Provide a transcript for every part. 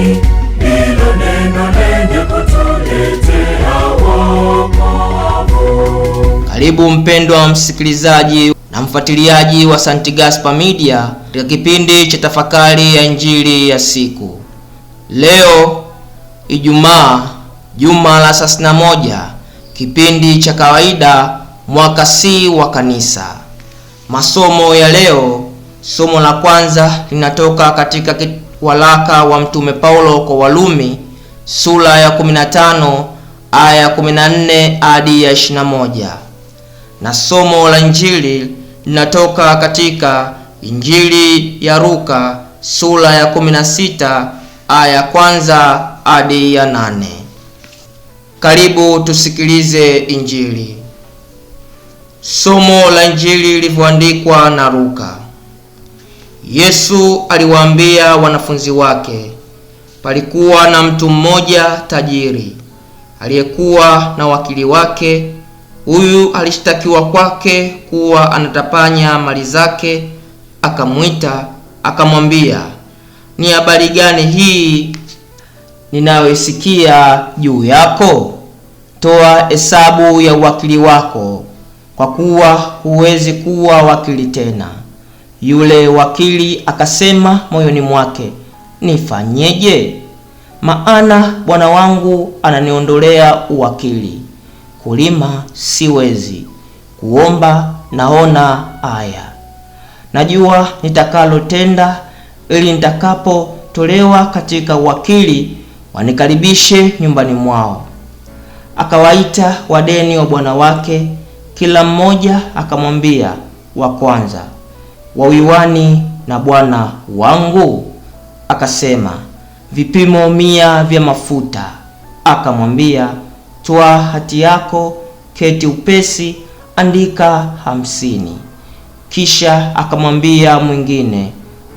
ndilo neno lenye kutuletea wokovu. Karibu mpendwa msikilizaji na mfuatiliaji wa St. Gaspar Media katika kipindi cha tafakari ya Injili ya siku. Leo Ijumaa, juma la moja, kipindi cha kawaida mwaka C wa kanisa. Masomo ya leo, somo la kwanza linatoka katika kit Walaka wa Mtume Paulo kwa Walumi sura ya 15 aya ya 14 hadi ya 21. Na somo la Injili linatoka katika Injili ya Luka sura ya 16 aya ya kwanza hadi ya nane. Karibu tusikilize Injili. Somo la Injili lilivyoandikwa na Luka. Yesu aliwaambia wanafunzi wake, palikuwa na mtu mmoja tajiri aliyekuwa na wakili wake. Huyu alishtakiwa kwake kuwa anatapanya mali zake. Akamwita akamwambia, ni habari gani hii ninayoisikia juu yako? Toa hesabu ya uwakili wako, kwa kuwa huwezi kuwa wakili tena. Yule wakili akasema moyoni mwake, nifanyeje? Maana bwana wangu ananiondolea uwakili. Kulima siwezi, kuomba naona aya. Najua nitakalotenda, ili nitakapotolewa katika uwakili wanikaribishe nyumbani mwao. Akawaita wadeni wa bwana wake, kila mmoja akamwambia wa kwanza wawiwani na bwana wangu? Akasema, vipimo mia vya mafuta. Akamwambia, toa hati yako, keti upesi, andika hamsini. Kisha akamwambia mwingine,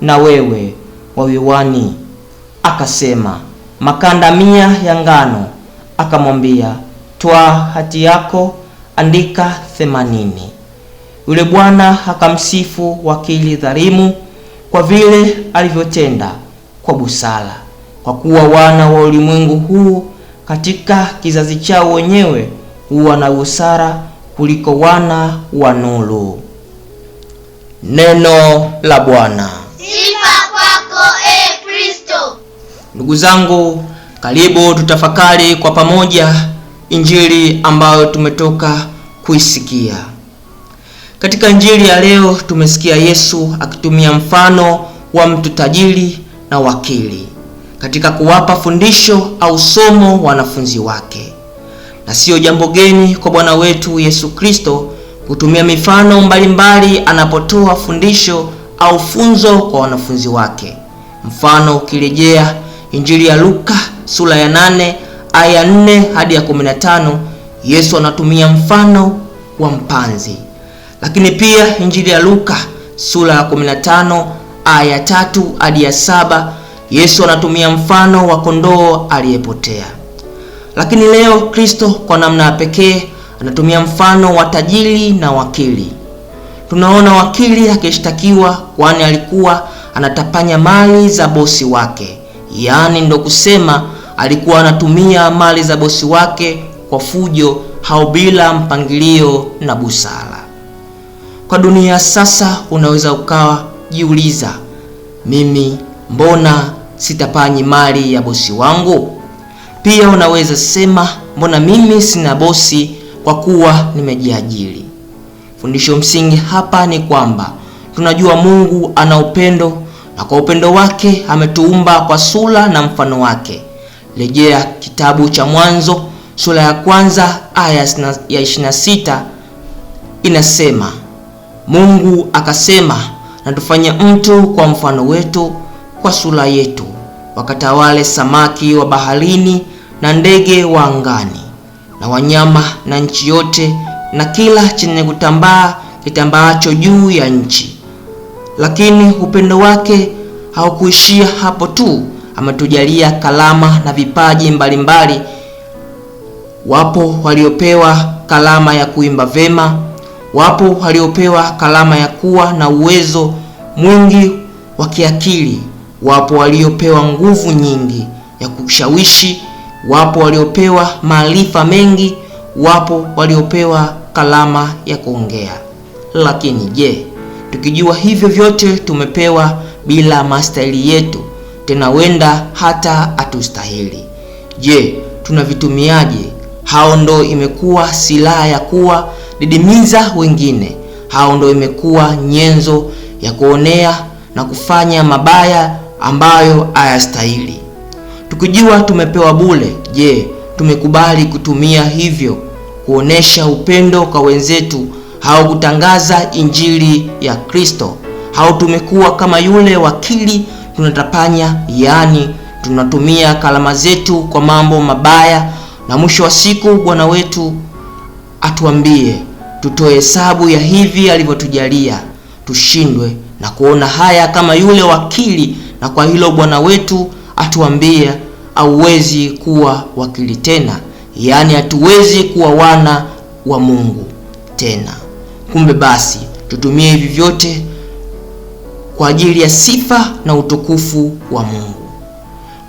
na wewe wawiwani? Akasema, makanda mia ya ngano. Akamwambia, toa hati yako, andika themanini. Yule bwana akamsifu wakili dhalimu kwa vile alivyotenda kwa busara, kwa kuwa wana wa ulimwengu huu katika kizazi chao wenyewe huwa na busara kuliko wana wa nuru. Neno la Bwana. Sifa kwako e Kristo. Ndugu zangu, karibu tutafakari kwa pamoja injili ambayo tumetoka kuisikia. Katika Injili ya leo tumesikia Yesu akitumia mfano wa mtu tajiri na wakili katika kuwapa fundisho au somo wanafunzi wake, na siyo jambo geni kwa Bwana wetu Yesu Kristo kutumia mifano mbalimbali anapotoa fundisho au funzo kwa wanafunzi wake. Mfano ukirejea Injili ya Luka sura ya 8 aya 4 hadi ya 15, Yesu anatumia mfano wa mpanzi lakini pia Injili ya Luka sura ya 15 aya tatu hadi ya saba Yesu anatumia mfano wa kondoo aliyepotea. Lakini leo Kristo kwa namna ya pekee anatumia mfano wa tajiri na wakili. Tunaona wakili akishtakiwa, kwani alikuwa anatapanya mali za bosi wake, yaani ndo kusema alikuwa anatumia mali za bosi wake kwa fujo au bila mpangilio na busara. Kwa dunia sasa unaweza ukawa jiuliza, mimi mbona sitapanyi mali ya bosi wangu? Pia unaweza sema mbona mimi sina bosi kwa kuwa nimejiajiri. Fundisho msingi hapa ni kwamba tunajua Mungu ana upendo na kwa upendo wake ametuumba kwa sura na mfano wake. Rejea kitabu cha Mwanzo sura ya kwanza aya ya 26 inasema Mungu akasema, na tufanye mtu kwa mfano wetu, kwa sura yetu, wakatawale samaki wa baharini na ndege wa angani na wanyama na nchi yote na kila chenye kutambaa kitambaacho juu ya nchi. Lakini upendo wake haukuishia hapo tu, ametujalia kalama na vipaji mbalimbali mbali. Wapo waliopewa kalama ya kuimba vema Wapo waliopewa karama ya kuwa na uwezo mwingi wa kiakili, wapo waliopewa nguvu nyingi ya kushawishi, wapo waliopewa maarifa mengi, wapo waliopewa karama ya kuongea. Lakini je, tukijua hivyo vyote tumepewa bila mastahili yetu, tena wenda hata hatustahili, je tunavitumiaje? Hao ndo imekuwa silaha ya kuwa didimiza wengine. Hao ndio imekuwa nyenzo ya kuonea na kufanya mabaya ambayo hayastahili. Tukijua tumepewa bure, je, tumekubali kutumia hivyo kuonesha upendo kwa wenzetu au kutangaza injili ya Kristo? Au tumekuwa kama yule wakili, tunatapanya, yaani tunatumia kalama zetu kwa mambo mabaya, na mwisho wa siku Bwana wetu atuambie tutoe hesabu ya hivi alivyotujalia, tushindwe na kuona haya kama yule wakili, na kwa hilo Bwana wetu atuambie hauwezi kuwa wakili tena, yaani hatuwezi kuwa wana wa Mungu tena. Kumbe basi tutumie hivi vyote kwa ajili ya sifa na utukufu wa Mungu.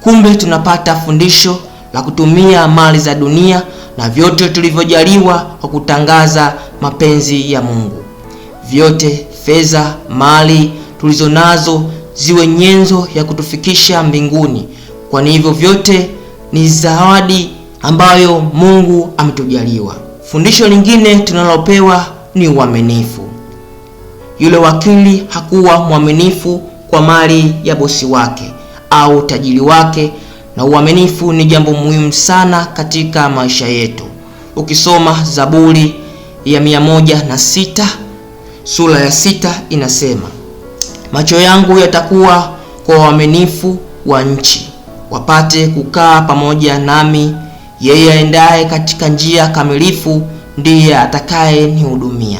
Kumbe tunapata fundisho la kutumia mali za dunia na vyote tulivyojaliwa kwa kutangaza mapenzi ya Mungu. Vyote fedha, mali tulizo nazo ziwe nyenzo ya kutufikisha mbinguni, kwani hivyo vyote ni zawadi ambayo Mungu ametujaliwa. Fundisho lingine tunalopewa ni uaminifu. Yule wakili hakuwa mwaminifu kwa mali ya bosi wake au tajiri wake na uaminifu ni jambo muhimu sana katika maisha yetu. Ukisoma Zaburi ya mia moja na sita sura ya sita inasema, macho yangu yatakuwa kwa uaminifu wa nchi, wapate kukaa pamoja nami. Yeye aendaye katika njia kamilifu ndiye atakaye nihudumia.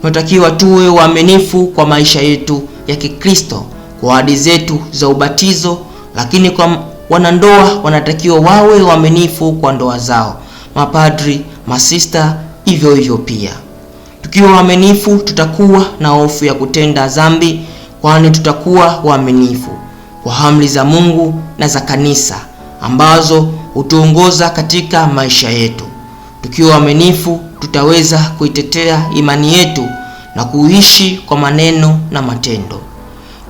Tunatakiwa tuwe waaminifu kwa maisha yetu ya Kikristo, kwa ahadi zetu za ubatizo, lakini kwa wanandoa wanatakiwa wawe waaminifu kwa ndoa zao, mapadri, masista hivyo hivyo pia. Tukiwa waaminifu, tutakuwa na hofu ya kutenda dhambi, kwani tutakuwa waaminifu kwa amri za Mungu na za kanisa ambazo hutuongoza katika maisha yetu. Tukiwa waaminifu, tutaweza kuitetea imani yetu na kuishi kwa maneno na matendo.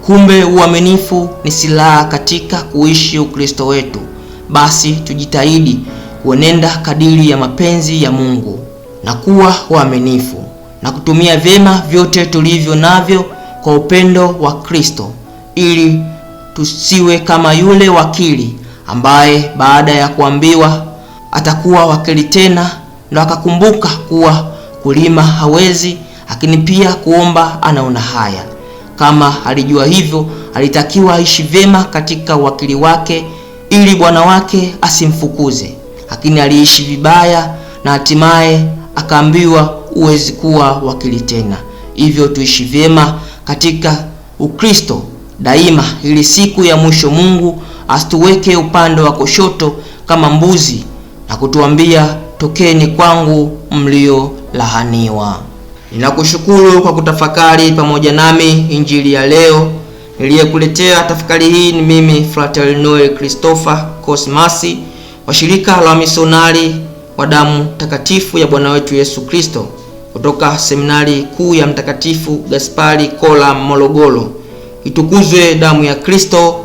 Kumbe uaminifu ni silaha katika kuishi Ukristo wetu. Basi tujitahidi kuenenda kadiri ya mapenzi ya Mungu na kuwa waaminifu na kutumia vyema vyote tulivyo navyo kwa upendo wa Kristo, ili tusiwe kama yule wakili ambaye baada ya kuambiwa atakuwa wakili tena na akakumbuka kuwa kulima hawezi, lakini pia kuomba anaona haya. Kama alijua hivyo, alitakiwa aishi vyema katika wakili wake ili bwana wake asimfukuze, lakini aliishi vibaya na hatimaye akaambiwa, huwezi kuwa wakili tena. Hivyo tuishi vyema katika Ukristo daima, ili siku ya mwisho Mungu asituweke upande wa kushoto kama mbuzi na kutuambia tokeni kwangu mliolahaniwa. Ninakushukuru kwa kutafakari pamoja nami injili ya leo. Niliyekuletea tafakari hii ni mimi Frater Noel Christopher kosmasi wa shirika la wamisionari wa damu takatifu ya Bwana wetu Yesu Kristo kutoka seminari kuu ya Mtakatifu Gaspari Kola Morogoro. Itukuzwe damu ya Kristo!